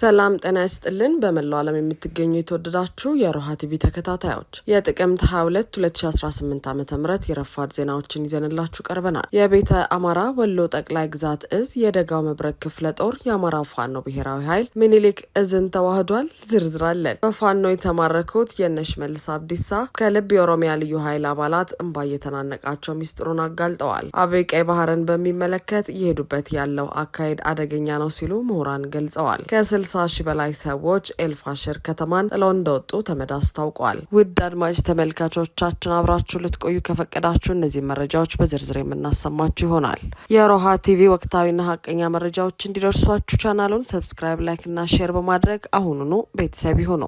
ሰላም ጤና ይስጥልን። በመላው ዓለም የምትገኙ የተወደዳችሁ የሮሃ ቲቪ ተከታታዮች የጥቅምት 22 2018 ዓ ም የረፋድ ዜናዎችን ይዘንላችሁ ቀርበናል። የቤተ አማራ ወሎ ጠቅላይ ግዛት እዝ የደጋው መብረቅ ክፍለ ጦር የአማራ ፋኖ ብሔራዊ ኃይል ምኒልክ እዝን ተዋህዷል። ዝርዝር አለን። በፋኖ የተማረኩት የነሽ መልስ አብዲሳ ከልብ የኦሮሚያ ልዩ ኃይል አባላት እንባ እየተናነቃቸው ሚስጥሩን አጋልጠዋል። አብይ ቀይ ባህርን በሚመለከት እየሄዱበት ያለው አካሄድ አደገኛ ነው ሲሉ ምሁራን ገልጸዋል። ከ60 ሺህ በላይ ሰዎች ኤልፋሽር ከተማን ጥለው እንደወጡ ተመድ አስታውቋል። ውድ አድማጭ ተመልካቾቻችን አብራችሁ ልትቆዩ ከፈቀዳችሁ እነዚህ መረጃዎች በዝርዝር የምናሰማችሁ ይሆናል። የሮሃ ቲቪ ወቅታዊና ሀቀኛ መረጃዎች እንዲደርሷችሁ ቻናሉን ሰብስክራይብ፣ ላይክ እና ሼር በማድረግ አሁኑኑ ቤተሰብ ይሁኑ።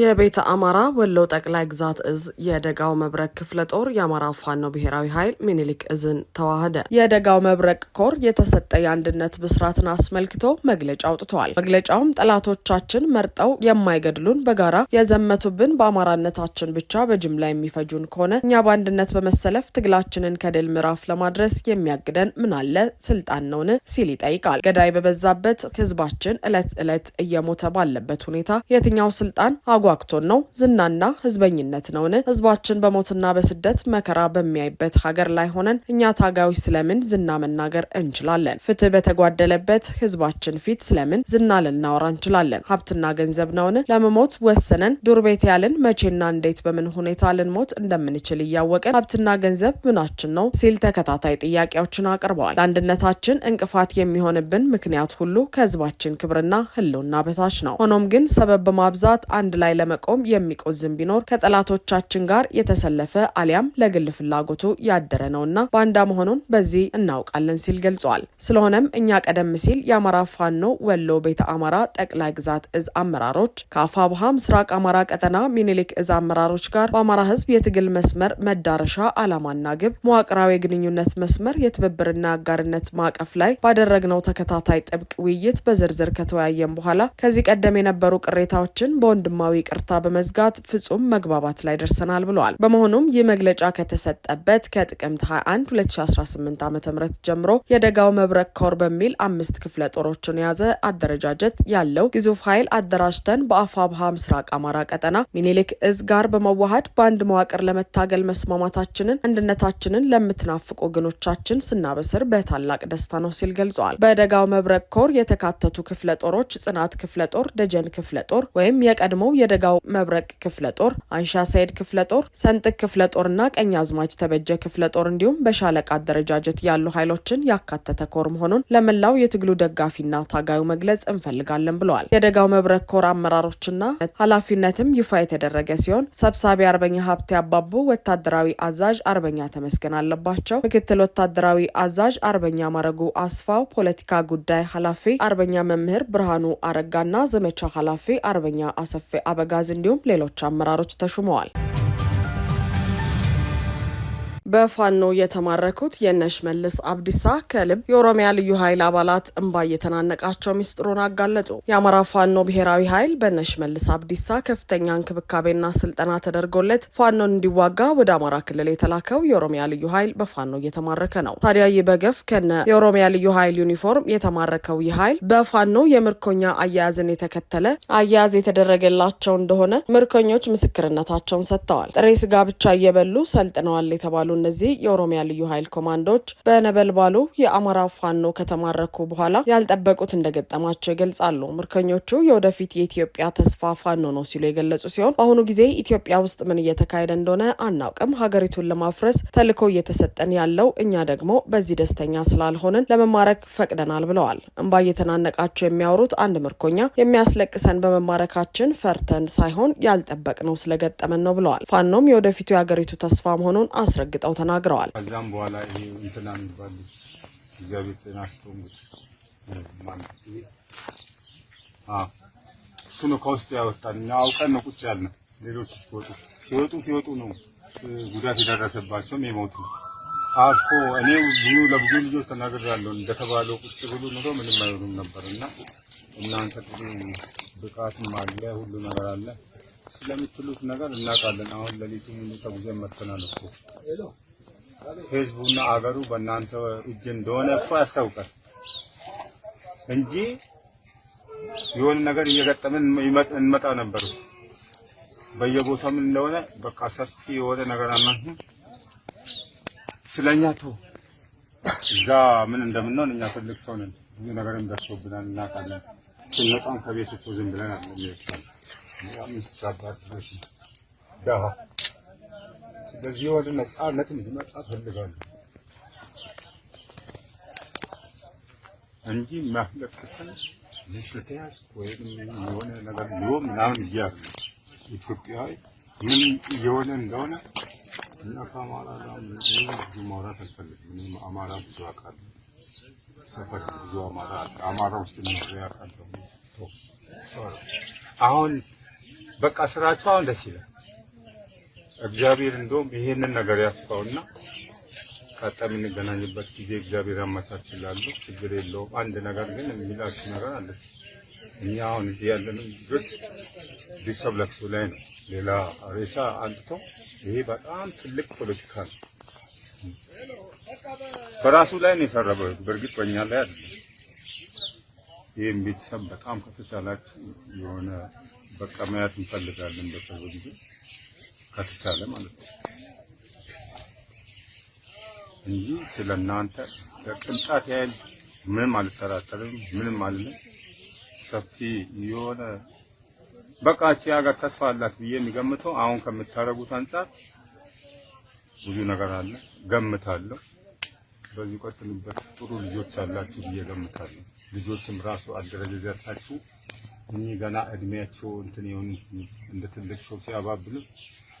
የቤተ አማራ ወሎ ጠቅላይ ግዛት እዝ የደጋው መብረቅ ክፍለ ጦር የአማራ ፋኖ ብሔራዊ ኃይል ሚኒሊክ እዝን ተዋህደ። የደጋው መብረቅ ኮር የተሰጠ የአንድነት ብስራትን አስመልክቶ መግለጫ አውጥተዋል። መግለጫውም ጠላቶቻችን መርጠው የማይገድሉን በጋራ የዘመቱብን በአማራነታችን ብቻ በጅምላ የሚፈጁን ከሆነ እኛ በአንድነት በመሰለፍ ትግላችንን ከድል ምዕራፍ ለማድረስ የሚያግደን ምናለ ስልጣን ነውን ሲል ይጠይቃል። ገዳይ በበዛበት ህዝባችን እለት እለት እየሞተ ባለበት ሁኔታ የትኛው ስልጣን ተጓግቶን ነው? ዝናና ህዝበኝነት ነውን? ህዝባችን በሞትና በስደት መከራ በሚያይበት ሀገር ላይ ሆነን እኛ ታጋዮች ስለምን ዝና መናገር እንችላለን? ፍትህ በተጓደለበት ህዝባችን ፊት ስለምን ዝና ልናወራ እንችላለን? ሀብትና ገንዘብ ነውን? ለመሞት ወሰነን ዱር ቤት ያልን መቼና እንዴት በምን ሁኔታ ልንሞት እንደምንችል እያወቅን ሀብትና ገንዘብ ምናችን ነው? ሲል ተከታታይ ጥያቄዎችን አቅርበዋል። ለአንድነታችን እንቅፋት የሚሆንብን ምክንያት ሁሉ ከህዝባችን ክብርና ህልውና በታች ነው። ሆኖም ግን ሰበብ በማብዛት አንድ ላይ ለመቆም የሚቆዝም ቢኖር ከጠላቶቻችን ጋር የተሰለፈ አሊያም ለግል ፍላጎቱ ያደረ ነውና ባንዳ መሆኑን በዚህ እናውቃለን ሲል ገልጿል። ስለሆነም እኛ ቀደም ሲል የአማራ ፋኖ ወሎ ቤተ አማራ ጠቅላይ ግዛት እዝ አመራሮች ከአፋብሃ ምስራቅ አማራ ቀጠና ሚኒሊክ እዝ አመራሮች ጋር በአማራ ሕዝብ የትግል መስመር መዳረሻ አላማና ግብ መዋቅራዊ የግንኙነት መስመር የትብብርና አጋርነት ማዕቀፍ ላይ ባደረግነው ተከታታይ ጥብቅ ውይይት በዝርዝር ከተወያየም በኋላ ከዚህ ቀደም የነበሩ ቅሬታዎችን በወንድማዊ ይቅርታ በመዝጋት ፍጹም መግባባት ላይ ደርሰናል ብለዋል። በመሆኑም ይህ መግለጫ ከተሰጠበት ከጥቅምት 21 2018 ዓ ም ጀምሮ የደጋው መብረቅ ኮር በሚል አምስት ክፍለ ጦሮችን የያዘ አደረጃጀት ያለው ግዙፍ ኃይል አደራጅተን በአፋብሃ ምስራቅ አማራ ቀጠና ሚኒሊክ እዝ ጋር በመዋሃድ በአንድ መዋቅር ለመታገል መስማማታችንን አንድነታችንን ለምትናፍቁ ወገኖቻችን ስናበስር በታላቅ ደስታ ነው ሲል ገልጸዋል። በደጋው መብረቅ ኮር የተካተቱ ክፍለ ጦሮች ጽናት ክፍለ ጦር፣ ደጀን ክፍለ ጦር ወይም የቀድሞው የደጋው መብረቅ ክፍለ ጦር፣ አንሻ ሰይድ ክፍለ ጦር፣ ሰንጥቅ ክፍለ ጦር ቀኝ አዝማች ተበጀ ክፍለ ጦር እንዲሁም በሻለቃ አደረጃጀት ያሉ ኃይሎችን ያካተተ ኮር መሆኑን ለመላው የትግሉ ደጋፊና ታጋዩ መግለጽ እንፈልጋለን ብለዋል። የደጋው መብረቅ ኮር አመራሮችና ኃላፊነትም ይፋ የተደረገ ሲሆን ሰብሳቢ አርበኛ ሀብቴ አባቡ፣ ወታደራዊ አዛዥ አርበኛ ተመስገን አለባቸው፣ ምክትል ወታደራዊ አዛዥ አርበኛ ማረጉ አስፋው፣ ፖለቲካ ጉዳይ ኃላፊ አርበኛ መምህር ብርሃኑ አረጋና ዘመቻ ኃላፊ አርበኛ አሰፌ አበጋዝ እንዲሁም ሌሎች አመራሮች ተሹመዋል። በፋኖ የተማረኩት የነሽ መልስ አብዲሳ ከልብ የኦሮሚያ ልዩ ኃይል አባላት እንባ እየተናነቃቸው ሚስጥሩን አጋለጡ። የአማራ ፋኖ ብሔራዊ ኃይል በነሽ መልስ አብዲሳ ከፍተኛ እንክብካቤና ስልጠና ተደርጎለት ፋኖን እንዲዋጋ ወደ አማራ ክልል የተላከው የኦሮሚያ ልዩ ኃይል በፋኖ እየተማረከ ነው። ታዲያ ይህ በገፍ ከነ የኦሮሚያ ልዩ ኃይል ዩኒፎርም የተማረከው ይህ ኃይል በፋኖ የምርኮኛ አያያዝን የተከተለ አያያዝ የተደረገላቸው እንደሆነ ምርኮኞች ምስክርነታቸውን ሰጥተዋል። ጥሬ ስጋ ብቻ እየበሉ ሰልጥነዋል የተባሉ እነዚህ የኦሮሚያ ልዩ ኃይል ኮማንዶዎች በነበልባሉ የአማራ ፋኖ ከተማረኩ በኋላ ያልጠበቁት እንደገጠማቸው ይገልጻሉ። ምርኮኞቹ የወደፊት የኢትዮጵያ ተስፋ ፋኖ ነው ሲሉ የገለጹ ሲሆን በአሁኑ ጊዜ ኢትዮጵያ ውስጥ ምን እየተካሄደ እንደሆነ አናውቅም። ሀገሪቱን ለማፍረስ ተልዕኮ እየተሰጠን ያለው እኛ ደግሞ በዚህ ደስተኛ ስላልሆንን ለመማረክ ፈቅደናል ብለዋል። እንባ እየተናነቃቸው የሚያወሩት አንድ ምርኮኛ የሚያስለቅሰን በመማረካችን ፈርተን ሳይሆን ያልጠበቅነው ስለገጠመን ነው ብለዋል። ፋኖም የወደፊቱ የሀገሪቱ ተስፋ መሆኑን አስረግጠዋል። እንደሚሰጠው ተናግረዋል። ከዛም በኋላ ይሄ እንትና የሚባል እግዚአብሔር ጤና እሱ ነው ከውስጥ ያወጣን። እኛ አውቀን ነው ቁጭ ያልነው። ሌሎች ሲወጡ ሲወጡ ሲወጡ ነው ጉዳት የደረሰባቸውም የሞቱ አፎ እኔ ብዙ ለብዙ ልጆች ተናግሬያለሁ። እንደተባለው ቁጭ ብሉ ኑሮ ምንም አይሆኑም ነበር እና እናንተ ብቃትም አለ ሁሉ ነገር አለ ስለምትሉት ነገር እናውቃለን። አሁን ለሊቱ ሙሉ ተጉዘን መጥተናል እኮ ህዝቡና አገሩ በእናንተ እጅ እንደሆነ እኮ ያስታውቃል እንጂ የሆነ ነገር እየገጠምን እንመጣ ነበር። በየቦታው ምን እንደሆነ በቃ ሰፊ የሆነ ነገር አናንተ ስለኛ ቶ እዛ ምን እንደምንሆን እኛ ትልቅ ሰው ነን። ብዙ ነገር ደርሶብናል፣ እናውቃለን። ስንመጣም ከቤት እኮ ዝም ብለን አለ ዳሃ። ስለዚህ ወደ ነፃነት እንዲመጣ ፈልጋለሁ እንጂ ማስለቅሰን እዚህ ስለተያዝኩ ወይም የሆነ ነገር ሊሆን ምናምን እያሉ ኢትዮጵያዊ ምን እየሆነ እንደሆነ እና ከአማራ ጋር ብዙ ማውራት አልፈልግም። እኔም አማራ ብዙ አውቃለሁ። ሰፈር ብዙ አማራ አማራ ውስጥ ያውቃለሁ። አሁን በቃ ስራቸው አሁን ደስ ይላል። እግዚአብሔር እንደውም ይሄንን ነገር ያስፋውና ቀጣይ የምንገናኝበት ጊዜ እግዚአብሔር ያመቻችላለሁ። ችግር የለውም። አንድ ነገር ግን የሚላችሁ ነገር አለ። እኛ አሁን እዚህ ያለንም ግን ቢሰብ ለቅሶ ላይ ነው። ሌላ ሬሳ አንጥቶ ይሄ በጣም ትልቅ ፖለቲካ ነው። በራሱ ላይ ነው የሰረበው። በእርግጥ በእኛ ላይ አይደለም። ይህም ቤተሰብ በጣም ከተቻላችሁ የሆነ በቃ ማየት እንፈልጋለን። በቅርብ ጊዜ ከተቻለ ማለት ነው እንጂ ስለ እናንተ በቅንጣት ያህል ምንም አልጠራጠርም፣ ምንም አልልም። ሰፊ የሆነ በቃ እቺ ተስፋ አላት ብዬ የሚገምተው አሁን ከምታደርጉት አንጻር ብዙ ነገር አለ ገምታለሁ። በዚህ ቀጥሉበት፣ ጥሩ ልጆች አላችሁ ብዬ ገምታለሁ። ልጆችም ራሱ አደረጃጀታችሁ እኚህ ገና እድሜያቸው እንትን የሆኑ እንደ ትልቅ ሰው ሲያባብሉ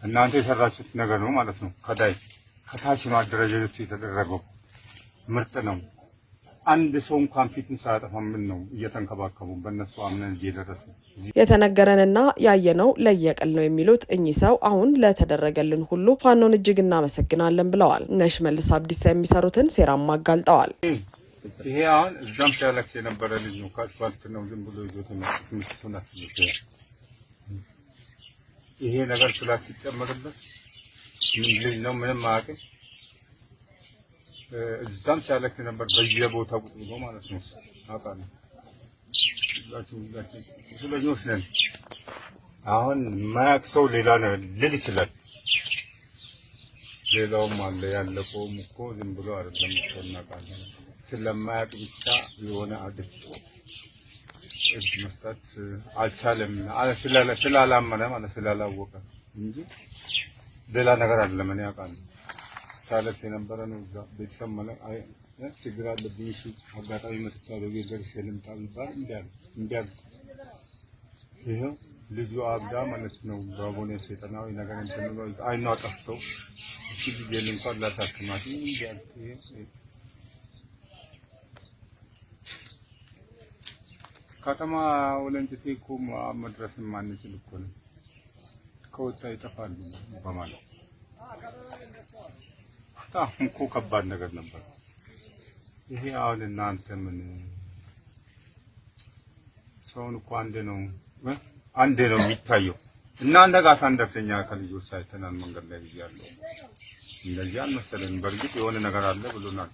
እናንተ የሰራችሁት ነገር ነው ማለት ነው። ከዳይ ከታች ነው አደረጃጀቱ የተደረገው። ምርጥ ነው። አንድ ሰው እንኳን ፊቱን ሳያጠፋ ምን ነው እየተንከባከቡ በእነሱ አምነን እዚህ የደረሰ የተነገረንና ያየነው ለየቀል ነው የሚሉት እኚህ ሰው አሁን ለተደረገልን ሁሉ ፋኖን እጅግ እናመሰግናለን ብለዋል። እነ ሽመልስ አብዲሳ የሚሰሩትን ሴራም አጋልጠዋል። ይሄ አሁን እዛም ሲያለቅስ የነበረ ልጅ ነው። ከአስፋልት ነው ዝም ብሎ ይዞት ምስቱናት ይሄ ነገር ፕላስ ሲጨመርበት ምን ልጅ ነው ምንም አያውቅም። እዛም ሲያለቅስ ነበር በየቦታ ቁጭ ብሎ ማለት ነው። አውቃለሁ ስለኞች አሁን ማያቅ ሰው ሌላ ነው ልል ይችላል። ሌላውም አለ ያለቀውም እኮ ዝም ብሎ አይደለም እኮ እናውቃለን። ስለማያውቅ ብቻ የሆነ አድርጎ እጅ መስጠት አልቻለም። ስላላመነ ማለት ስላላወቀ እንጂ ሌላ ነገር አይደለም። እኔ አውቃለሁ። ሳለት የነበረ ነው እዛ ቤተሰብ ችግር አለብኝ እሱ አጋጣሚ መጥቻለሁ ደርሼ ልምጣ ቢባል እንዲያል ይኸው ልጁ አብዳ ማለት ነው። ባቦኔ ሰይጣናዊ ነገር እንትን አይኗ ጠፍቶ እሱ ጊዜ እንኳን ላሳክማት እንዲያል ከተማ ወለንጭቴ እኮ መድረስ የማንችል እኮ ነው። ከወጣ ይጠፋሉ በማለት በጣም እኮ ከባድ ነገር ነበር ይሄ። አሁን እናንተ ምን ሰውን እኮ አንድ ነው አንድ ነው የሚታየው። እናንተ ጋር ሳንደርሰኛ ከልጆች ሳይተናል መንገድ ላይ ብያለሁ። እንደዚህ አልመሰለን። በእርግጥ የሆነ ነገር አለ ብሎናል።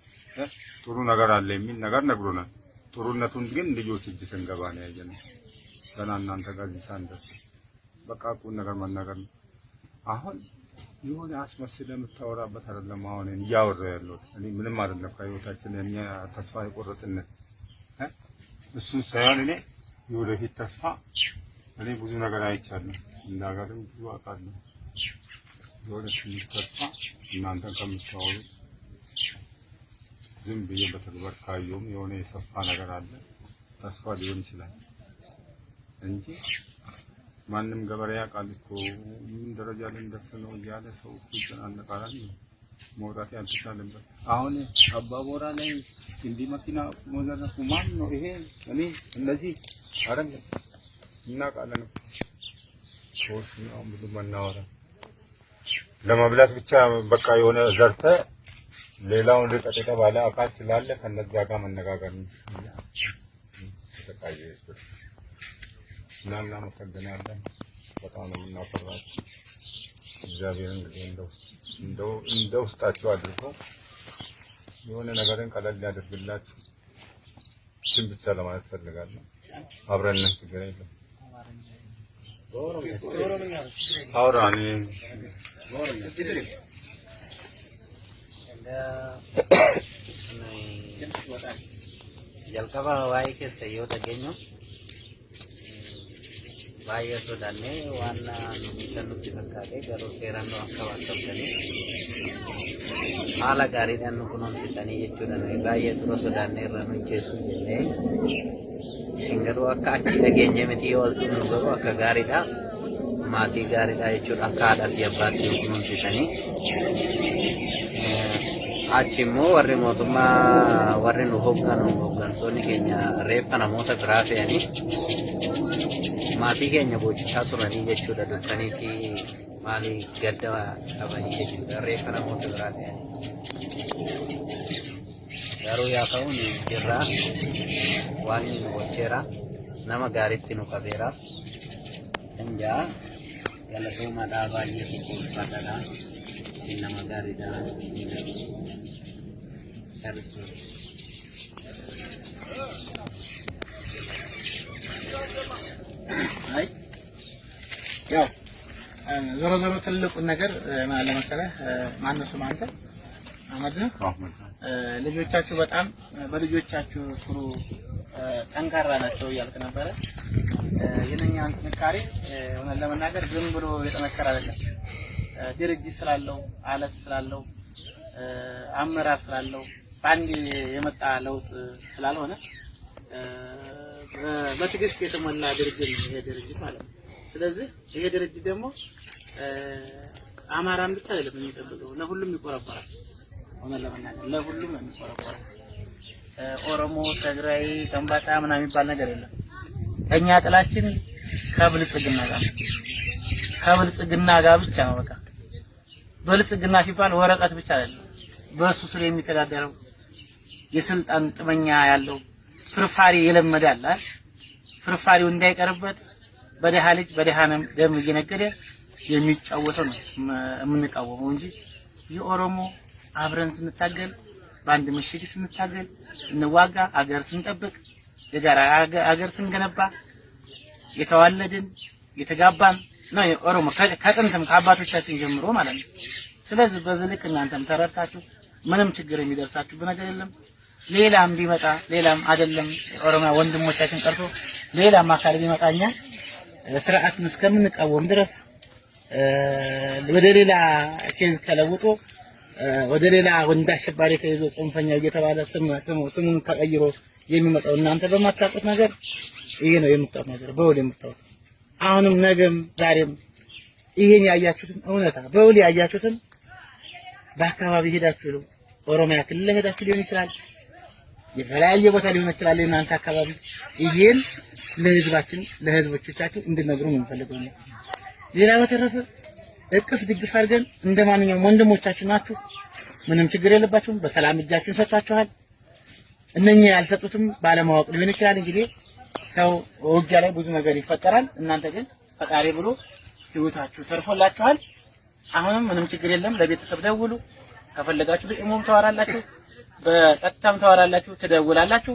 ጥሩ ነገር አለ የሚል ነገር ነግሮናል። ጥሩነቱን ግን ልጆች እጅ ስንገባ ነው ያየነው። ገና እናንተ ጋር ሳንደርስ በቃ ቁም ነገር መናገር ነው። አሁን የሆነ አስመስል የምታወራበት አይደለም። አሁን እያወራ ያለሁት እኔ ምንም አይደለም። ከህይወታችን የኛ ተስፋ የቆረጥነት እሱን ሳይሆን እኔ የወደፊት ተስፋ እኔ ብዙ ነገር አይቻለሁ፣ እንደ ሀገርም ብዙ አውቃለሁ። የወደፊት ተስፋ እናንተን ከምታወሩት ዝም ብዬ በተግበር ካየውም የሆነ የሰፋ ነገር አለ ተስፋ ሊሆን ይችላል እንጂ ማንም ገበሬ ያውቃል እኮ ምን ደረጃ ላይ እንደሰ ነው እያለ ሰው ይጨናነቃል። መውጣት ያልተቻለበት አሁን አባቦራ ላይ እንዲህ መኪና መዘረፉ ማን ነው ይሄ? እኔ እንደዚህ አይደለም እናውቃለን። ነው ብዙ አናወራ ለመብላት ብቻ በቃ የሆነ ዘርተ ሌላውን ርቀት የተባለ አካል ስላለ ከነዛ ጋር መነጋገር ተጠቃየ ህዝብ እና እናመሰግናለን። በጣም ነው የምናፈራችሁ። እግዚአብሔር እንግዲህ እንደ ውስጣችሁ አድርጎ የሆነ ነገርን ቀለል ሊያደርግላችሁ ስም ብቻ ለማለት ፈልጋለሁ። አብረን ችግር የለም። አውራ እኔ Jalkawa wai kesayu dagenyo, bayi hmm, ya sudane wana nungisan nungisan kage garu seran doang kawan kawan ini, ala gari dan nungkunung sitani yecu ya dan wai bayi ya terus sudane ranu cesu jene, singgaru akaci dagenyo meti yo nungguru akagari dah mati gari kaya curah kadar dia berarti hukuman sisa ni eh, Aci mo warri mo tu ma warri nuhukkan nuhukkan so ni kenya repa na mota grafe ya Mati kenya bojit satu na dia curah dukkan ni ki Mali gada apa ni dia curah repa na mota grafe ya Daru ya kau ni jirra Wangi ni bocera Nama garit tinu kabera enggak Galatooma dhaa baay'ee tokkoffadha. Nama gaariidhaan ያው ዞሮ ዞሮ ትልቁን ነገር ለመሰለህ ማነው ስም አንተ አህመድ ልጆቻችሁ በጣም በልጆቻችሁ ጥሩ ጠንካራ ናቸው እያልክ ነበረ። የእኛን ጥንካሬ እውነት ለመናገር ዝም ብሎ የጠነከረ አይደለም። ድርጅት ስላለው አለት ስላለው አመራር ስላለው በአንድ የመጣ ለውጥ ስላልሆነ በትዕግስት የተሞላ ድርጅት ነው ይሄ ድርጅት ማለት ነው። ስለዚህ ይሄ ድርጅት ደግሞ አማራን ብቻ አይደለም የሚጠብቀው፣ ለሁሉም ይቆረቆራል። እውነት ለመናገር ለሁሉም የሚቆረቆራል። ኦሮሞ፣ ትግራይ፣ ከምባታ ምናምን የሚባል ነገር የለም። እኛ ጥላችን ከብልጽግና ጋር ከብልጽግና ጋር ብቻ ነው። በቃ ብልጽግና ሲባል ወረቀት ብቻ አይደለም። በእሱ ስለ የሚተዳደረው የስልጣን ጥመኛ ያለው ፍርፋሪ የለመደ አለ። ፍርፋሪው እንዳይቀርበት በደሃ ልጅ በደሃ ደም እየነገደ የሚጫወተው ነው የምንቃወመው እንጂ የኦሮሞ አብረን ስንታገል፣ በአንድ ምሽግ ስንታገል፣ ስንዋጋ፣ አገር ስንጠብቅ የጋራ አገር ስንገነባ የተዋለድን የተጋባን ነው የኦሮሞ ከጥንትም ከአባቶቻችን ጀምሮ ማለት ነው። ስለዚህ በዚህ ልክ እናንተም ተረድታችሁ ምንም ችግር የሚደርሳችሁ ነገር የለም። ሌላም ቢመጣ ሌላም አይደለም ኦሮሚያ ወንድሞቻችን ቀርቶ ሌላም አካል ቢመጣ እኛ ስርዓቱን እስከምንቃወም ድረስ ወደ ሌላ ኬዝ ተለውጦ ወደ ሌላ ወንድ አሸባሪ ተይዞ ጽንፈኛ እየተባለ ስሙ ስሙን ተቀይሮ የሚመጣው። እናንተ በማታውቁት ነገር ይሄ ነው የምታውቁት ነገር በውል የምታውቁት። አሁንም ነገም ዛሬም ይሄን ያያችሁትን እውነታ በውል ያያችሁትን በአካባቢ ሄዳችሁ ኦሮሚያ ክልል ሄዳችሁ ሊሆን ይችላል፣ የተለያየ ቦታ ሊሆን ይችላል። እናንተ አካባቢ ይሄን ለህዝባችን ለህዝቦቻችሁ እንድነግሩ ነው የምፈልገው። ሌላ በተረፈ እቅፍ ድግፍ አድርገን እንደማንኛውም ወንድሞቻችሁ ናችሁ። ምንም ችግር የለባችሁም። በሰላም እጃችሁን ሰጥታችኋል እነኛ ያልሰጡትም ባለማወቅ ሊሆን ይችላል። እንግዲህ ሰው ውጊያ ላይ ብዙ ነገር ይፈጠራል። እናንተ ግን ፈጣሪ ብሎ ህይወታችሁ ተርፎላችኋል። አሁንም ምንም ችግር የለም። ለቤተሰብ ደውሉ። ከፈለጋችሁ በኢሞም ተዋራላችሁ፣ በቀጥታም ተዋራላችሁ፣ ትደውላላችሁ።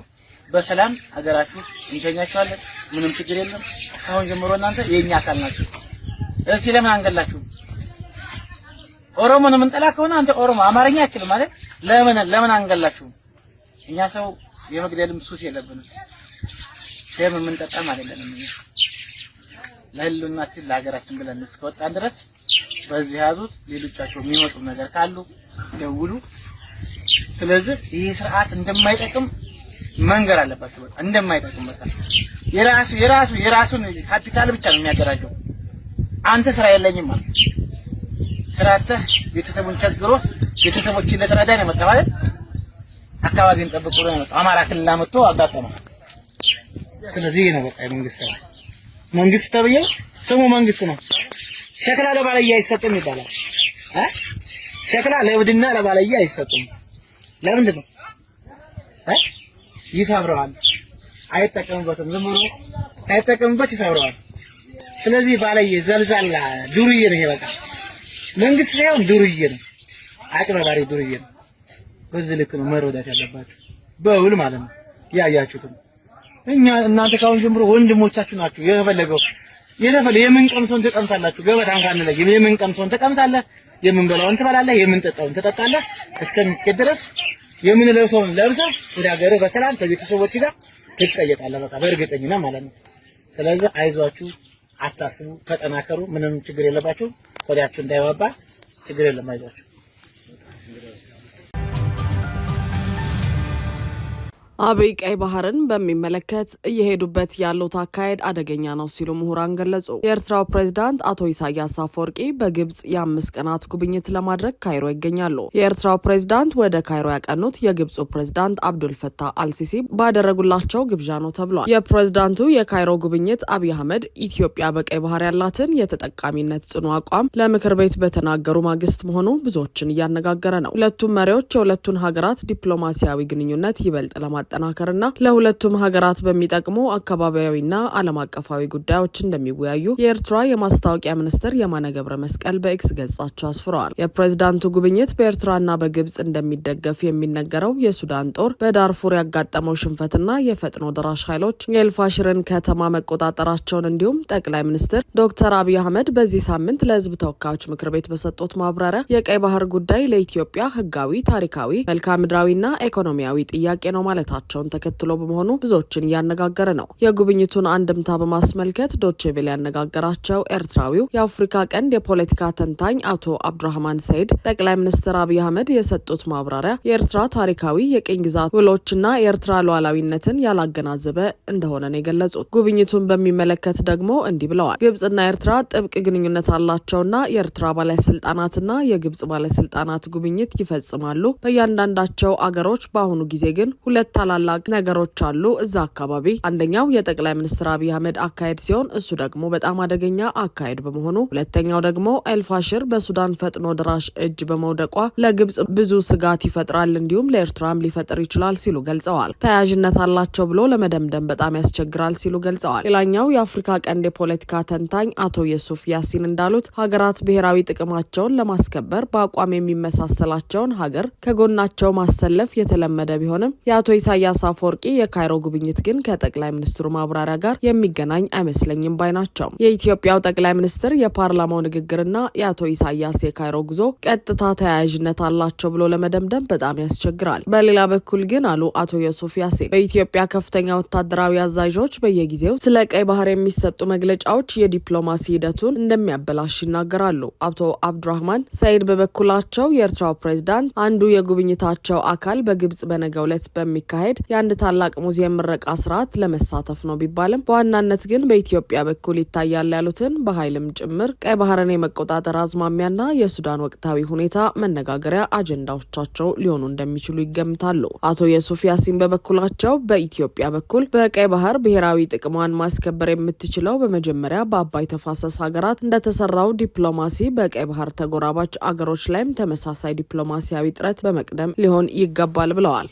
በሰላም ሀገራችሁ እንሸኛችኋለን። ምንም ችግር የለም። አሁን ጀምሮ እናንተ የኛ አካል ናችሁ። እዚህ ለምን አንገላችሁ? ኦሮሞን የምንጠላ ከሆነ አንተ ኦሮሞ አማርኛ አችልም ማለት ለምን ለምን አንገላችሁ? እኛ ሰው የመግደልም ሱስ የለብንም። ደም የምንጠጣም አይደለንም። ለህልውናችን ለሀገራችን ብለን እስከወጣን ድረስ በዚህ ያዙት። ሌሎቻቸው የሚመጡ ነገር ካሉ ደውሉ። ስለዚህ ይህ ስርዓት እንደማይጠቅም መንገር አለባቸው። በቃ እንደማይጠቅም በቃ የራሱ የራሱ የራሱን ካፒታል ብቻ ነው የሚያደራጀው። አንተ ስራ የለኝም ማለት ስራተህ ቤተሰቡን ቸግሮ ቤተሰቦችን ለተረዳ ነው መጣ ማለት አካባቢን ጠብቆ ነው አማራ ክልል አመጥቶ አጋጠመ። ስለዚህ ነው በቃ መንግስት ነው መንግስት ተብዬው ስሙ መንግስት ነው። ሸክላ ለባለየ አይሰጥም ይባላል። ሸክላ ለብድና ለባለየ አይሰጥም። ለምንድን ነው ይሰብረዋል። አይጠቀምበትም። ዝም ብሎ አይጠቀምበት፣ ይሰብረዋል። ስለዚህ ባለየ ዘልዛላ ዱርዬ ነው። ይሄ በቃ መንግስት ሳይሆን ዱርዬ ነው፣ አጭበርባሪ ዱርዬ ነው። በዚህ ልክ ነው መረዳት ያለባችሁ በውል ማለት ነው። ያያችሁት እኛ እናንተ ካሁን ጀምሮ ወንድሞቻችሁ ናችሁ። የፈለገው የተፈለ የምንቀምሰውን ትቀምሳላችሁ። ገበታ እንኳን ላይ የምንቀምሰውን ትቀምሳለህ፣ የምንበላውን ትበላለህ፣ የምንጠጣውን ትጠጣለህ። እስከሚኬድ ድረስ የምንለብሰውን ለብሰህ ወደ ሀገርህ በሰላም ከቤተሰቦች ጋር ትቀየጣለህ። በቃ በእርግጠኝና ማለት ነው። ስለዚህ አይዟችሁ፣ አታስቡ፣ ተጠናከሩ። ምንም ችግር የለባችሁ። ቆዳችሁ እንዳይባባ ችግር የለም። አይዟችሁ። አብይ ቀይ ባህርን በሚመለከት እየሄዱበት ያሉት አካሄድ አደገኛ ነው ሲሉ ምሁራን ገለጹ። የኤርትራው ፕሬዚዳንት አቶ ኢሳያስ አፈወርቂ በግብጽ የአምስት ቀናት ጉብኝት ለማድረግ ካይሮ ይገኛሉ። የኤርትራው ፕሬዚዳንት ወደ ካይሮ ያቀኑት የግብፁ ፕሬዚዳንት አብዱልፈታህ አልሲሲ ባደረጉላቸው ግብዣ ነው ተብሏል። የፕሬዚዳንቱ የካይሮ ጉብኝት አብይ አህመድ ኢትዮጵያ በቀይ ባህር ያላትን የተጠቃሚነት ጽኑ አቋም ለምክር ቤት በተናገሩ ማግስት መሆኑ ብዙዎችን እያነጋገረ ነው። ሁለቱም መሪዎች የሁለቱን ሀገራት ዲፕሎማሲያዊ ግንኙነት ይበልጥ ለማ ማጠናከርና ለሁለቱም ሀገራት በሚጠቅሙ አካባቢያዊና ዓለም አቀፋዊ ጉዳዮች እንደሚወያዩ የኤርትራ የማስታወቂያ ሚኒስትር የማነ ገብረ መስቀል በኤክስ ገጻቸው አስፍረዋል። የፕሬዝዳንቱ ጉብኝት በኤርትራና በግብጽ እንደሚደገፍ የሚነገረው የሱዳን ጦር በዳርፉር ያጋጠመው ሽንፈትና የፈጥኖ ደራሽ ኃይሎች የኤልፋሽርን ከተማ መቆጣጠራቸውን እንዲሁም ጠቅላይ ሚኒስትር ዶክተር አብይ አህመድ በዚህ ሳምንት ለህዝብ ተወካዮች ምክር ቤት በሰጡት ማብራሪያ የቀይ ባህር ጉዳይ ለኢትዮጵያ ህጋዊ፣ ታሪካዊ፣ መልክዓ ምድራዊና ኢኮኖሚያዊ ጥያቄ ነው ማለት መውጣታቸውን ተከትሎ በመሆኑ ብዙዎችን እያነጋገረ ነው። የጉብኝቱን አንድምታ በማስመልከት ዶቼቬል ያነጋገራቸው ኤርትራዊው የአፍሪካ ቀንድ የፖለቲካ ተንታኝ አቶ አብዱራህማን ሰይድ ጠቅላይ ሚኒስትር አብይ አህመድ የሰጡት ማብራሪያ የኤርትራ ታሪካዊ የቅኝ ግዛት ውሎችና የኤርትራ ሉዓላዊነትን ያላገናዘበ እንደሆነ ነው የገለጹት። ጉብኝቱን በሚመለከት ደግሞ እንዲህ ብለዋል። ግብጽና ኤርትራ ጥብቅ ግንኙነት አላቸውና የኤርትራ ባለስልጣናትና የግብጽ ባለስልጣናት ጉብኝት ይፈጽማሉ። በእያንዳንዳቸው አገሮች በአሁኑ ጊዜ ግን ሁለት ታላላቅ ነገሮች አሉ እዛ አካባቢ። አንደኛው የጠቅላይ ሚኒስትር አብይ አህመድ አካሄድ ሲሆን እሱ ደግሞ በጣም አደገኛ አካሄድ በመሆኑ፣ ሁለተኛው ደግሞ ኤልፋሽር በሱዳን ፈጥኖ ድራሽ እጅ በመውደቋ ለግብጽ ብዙ ስጋት ይፈጥራል፣ እንዲሁም ለኤርትራም ሊፈጥር ይችላል ሲሉ ገልጸዋል። ተያያዥነት አላቸው ብሎ ለመደምደም በጣም ያስቸግራል ሲሉ ገልጸዋል። ሌላኛው የአፍሪካ ቀንድ የፖለቲካ ተንታኝ አቶ የሱፍ ያሲን እንዳሉት ሀገራት ብሔራዊ ጥቅማቸውን ለማስከበር በአቋም የሚመሳሰላቸውን ሀገር ከጎናቸው ማሰለፍ የተለመደ ቢሆንም የአቶ ኢሳ ኢሳያስ አፈወርቂ የካይሮ ጉብኝት ግን ከጠቅላይ ሚኒስትሩ ማብራሪያ ጋር የሚገናኝ አይመስለኝም ባይ ናቸው። የኢትዮጵያው ጠቅላይ ሚኒስትር የፓርላማው ንግግርና የአቶ ኢሳያስ የካይሮ ጉዞ ቀጥታ ተያያዥነት አላቸው ብሎ ለመደምደም በጣም ያስቸግራል። በሌላ በኩል ግን አሉ አቶ ዮሱፍ ያሴን፣ በኢትዮጵያ ከፍተኛ ወታደራዊ አዛዦች በየጊዜው ስለ ቀይ ባህር የሚሰጡ መግለጫዎች የዲፕሎማሲ ሂደቱን እንደሚያበላሽ ይናገራሉ። አቶ አብዱራህማን ሰይድ በበኩላቸው የኤርትራው ፕሬዚዳንት አንዱ የጉብኝታቸው አካል በግብጽ በነገው ዕለት በሚካ የሚካሄድ የአንድ ታላቅ ሙዚየም ምረቃ ስርዓት ለመሳተፍ ነው ቢባልም በዋናነት ግን በኢትዮጵያ በኩል ይታያል ያሉትን በኃይልም ጭምር ቀይ ባህርን የመቆጣጠር አዝማሚያና የሱዳን ወቅታዊ ሁኔታ መነጋገሪያ አጀንዳዎቻቸው ሊሆኑ እንደሚችሉ ይገምታሉ። አቶ የሱፍ ያሲን በበኩላቸው በኢትዮጵያ በኩል በቀይ ባህር ብሔራዊ ጥቅሟን ማስከበር የምትችለው በመጀመሪያ በአባይ ተፋሰስ ሀገራት እንደተሰራው ዲፕሎማሲ በቀይ ባህር ተጎራባች አገሮች ላይም ተመሳሳይ ዲፕሎማሲያዊ ጥረት በመቅደም ሊሆን ይገባል ብለዋል።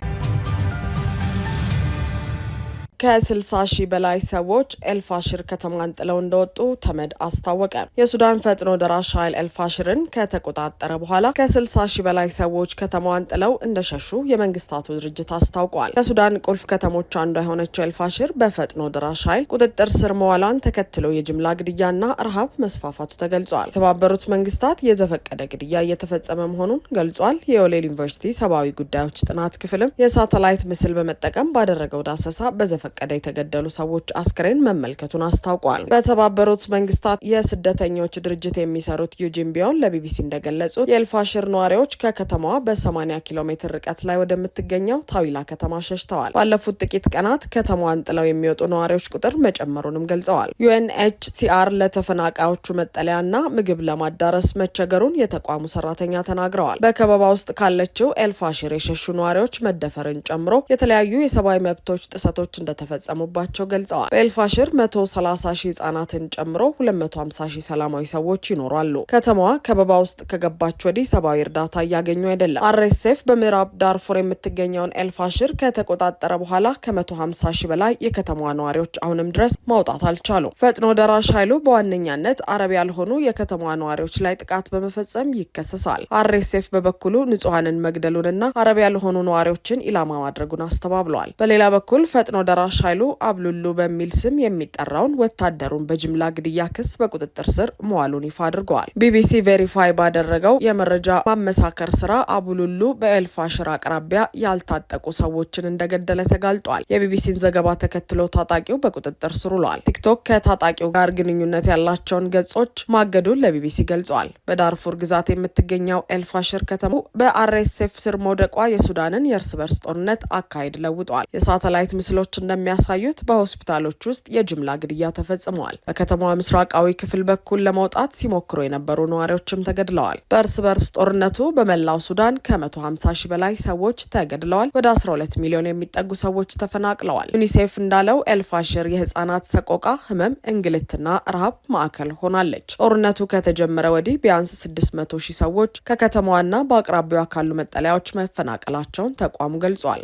ከ60 ሺህ በላይ ሰዎች ኤልፋሽር ከተማን ጥለው እንደወጡ ተመድ አስታወቀ። የሱዳን ፈጥኖ ደራሽ ኃይል ኤልፋሽርን ከተቆጣጠረ በኋላ ከ60 ሺህ በላይ ሰዎች ከተማዋን ጥለው እንደሸሹ የመንግስታቱ ድርጅት አስታውቋል። ከሱዳን ቁልፍ ከተሞች አንዷ የሆነችው ኤልፋሽር በፈጥኖ ደራሽ ኃይል ቁጥጥር ስር መዋሏን ተከትሎ የጅምላ ግድያና ረሃብ መስፋፋቱ ተገልጿል። የተባበሩት መንግስታት የዘፈቀደ ግድያ እየተፈጸመ መሆኑን ገልጿል። የዮሌል ዩኒቨርሲቲ ሰብአዊ ጉዳዮች ጥናት ክፍልም የሳተላይት ምስል በመጠቀም ባደረገው ዳሰሳ በዘፈ በዘፈቀደ የተገደሉ ሰዎች አስክሬን መመልከቱን አስታውቋል። በተባበሩት መንግስታት የስደተኞች ድርጅት የሚሰሩት ዩጂን ቢዮን ለቢቢሲ እንደገለጹት የኤልፋሽር ነዋሪዎች ከከተማዋ በ80 ኪሎ ሜትር ርቀት ላይ ወደምትገኘው ታዊላ ከተማ ሸሽተዋል። ባለፉት ጥቂት ቀናት ከተማዋን ጥለው የሚወጡ ነዋሪዎች ቁጥር መጨመሩንም ገልጸዋል። ዩኤንኤችሲአር ለተፈናቃዮቹ መጠለያና ምግብ ለማዳረስ መቸገሩን የተቋሙ ሰራተኛ ተናግረዋል። በከበባ ውስጥ ካለችው ኤልፋሽር የሸሹ ነዋሪዎች መደፈርን ጨምሮ የተለያዩ የሰብአዊ መብቶች ጥሰቶች እንደ እንደተፈጸሙባቸው ገልጸዋል። በኤልፋሽር 130 ሺህ ህጻናትን ጨምሮ 250 ሺህ ሰላማዊ ሰዎች ይኖራሉ። ከተማዋ ከበባ ውስጥ ከገባች ወዲህ ሰብአዊ እርዳታ እያገኙ አይደለም። አርኤስኤፍ በምዕራብ ዳርፎር የምትገኘውን ኤልፋሽር ከተቆጣጠረ በኋላ ከ150 ሺህ በላይ የከተማዋ ነዋሪዎች አሁንም ድረስ ማውጣት አልቻሉም። ፈጥኖ ደራሽ ኃይሉ በዋነኛነት አረብ ያልሆኑ የከተማዋ ነዋሪዎች ላይ ጥቃት በመፈጸም ይከሰሳል። አርኤስኤፍ በበኩሉ ንጹሐንን መግደሉንና አረብ ያልሆኑ ነዋሪዎችን ኢላማ ማድረጉን አስተባብለዋል። በሌላ በኩል ፈጥኖ ደራ ሻይሎ አብሉሉ በሚል ስም የሚጠራውን ወታደሩን በጅምላ ግድያ ክስ በቁጥጥር ስር መዋሉን ይፋ አድርገዋል። ቢቢሲ ቬሪፋይ ባደረገው የመረጃ ማመሳከር ስራ አቡሉሉ በኤልፋሽር አቅራቢያ ያልታጠቁ ሰዎችን እንደገደለ ተጋልጧል። የቢቢሲን ዘገባ ተከትሎ ታጣቂው በቁጥጥር ስር ውሏል። ቲክቶክ ከታጣቂው ጋር ግንኙነት ያላቸውን ገጾች ማገዱን ለቢቢሲ ገልጿል። በዳርፉር ግዛት የምትገኘው ኤልፋሽር ከተማ በአርኤስኤፍ ስር መውደቋ የሱዳንን የእርስ በርስ ጦርነት አካሄድ ለውጧል። የሳተላይት ምስሎች እንደ እንደሚያሳዩት በሆስፒታሎች ውስጥ የጅምላ ግድያ ተፈጽመዋል። በከተማዋ ምስራቃዊ ክፍል በኩል ለመውጣት ሲሞክሩ የነበሩ ነዋሪዎችም ተገድለዋል። በእርስ በርስ ጦርነቱ በመላው ሱዳን ከ150 ሺህ በላይ ሰዎች ተገድለዋል። ወደ 12 ሚሊዮን የሚጠጉ ሰዎች ተፈናቅለዋል። ዩኒሴፍ እንዳለው ኤልፋሽር የህጻናት ሰቆቃ፣ ህመም፣ እንግልትና ረሃብ ማዕከል ሆናለች። ጦርነቱ ከተጀመረ ወዲህ ቢያንስ 600 ሺህ ሰዎች ከከተማዋና በአቅራቢያ ካሉ መጠለያዎች መፈናቀላቸውን ተቋሙ ገልጿል።